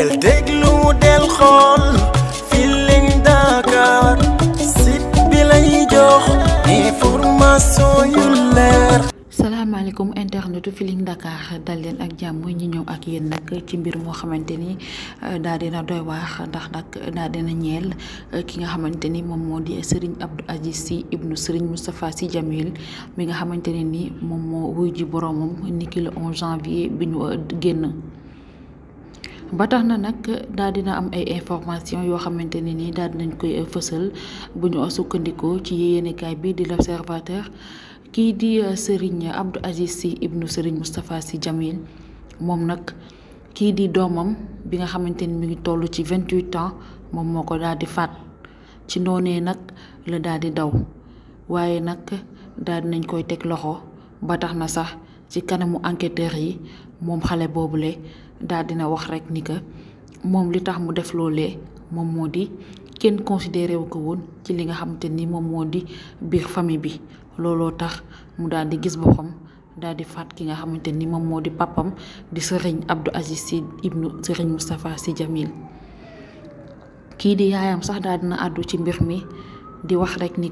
del déglu del xool Feeling Dakar site bi lay jox information yu leer salaamaaleykum internetu Feeling Dakar dal leen ak jàmm ñi ñëw ak yenn nag ci mbir moo xamante ni euh, daa dina doy waax ndax nag daa dina ñeel euh, ki nga xamante ni moom moo di Serigne Abdou Aziz ibnu Serigne Moustapha Sy Jamil mi nga xamante ni moom moo wuy ji boromam niki le janvier bi ñu euh, génn. ba tax na nag daal dina am ay information yoo xamante ne nii daal dinañ koy fësal bu ñu sukkandikoo ci yéenekaay bi di l'Observateur kii di euh, Serigne Abdou Aziz si ibnu Serigne Moustapha Sy Djamil moom nag kii di doomam bi nga xamante ni mu ngi toll ci vingt-huit ans moom moo ko daal di faat ci noonee nag la daal di daw waaye nag daldi nañ koy teg loxo ba tax na sax ci kanamu enquêteurs yi moom xale boobule daal dina wax rek ni que moom li tax mu def loolee moom moo di kenn considéré ko woon ci li nga xamante ni moom moo di biir famille bi looloo tax mu daal di gis boppam daal di faat ki nga xamante ni moom moo di papam di sëriñ abdu Aziz Sy ibnu sëriñ Moustapha Sy Jamil kii di yaayam sax daal dina àddu ci mbir mi. di wax rekk ni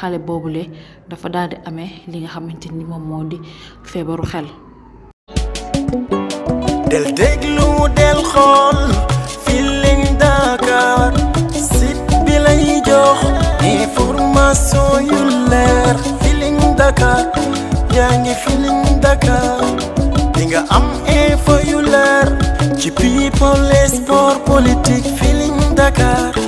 xale boobule dafa daal di amee li nga xamante ni moom moo di feebaru xel. del déglu del xool Feeling Dakar site bi lay jox information yu leer Feeling Dakar yaa ngi Feeling Dakar di am info yu leer ci people sport politique Feeling Dakar.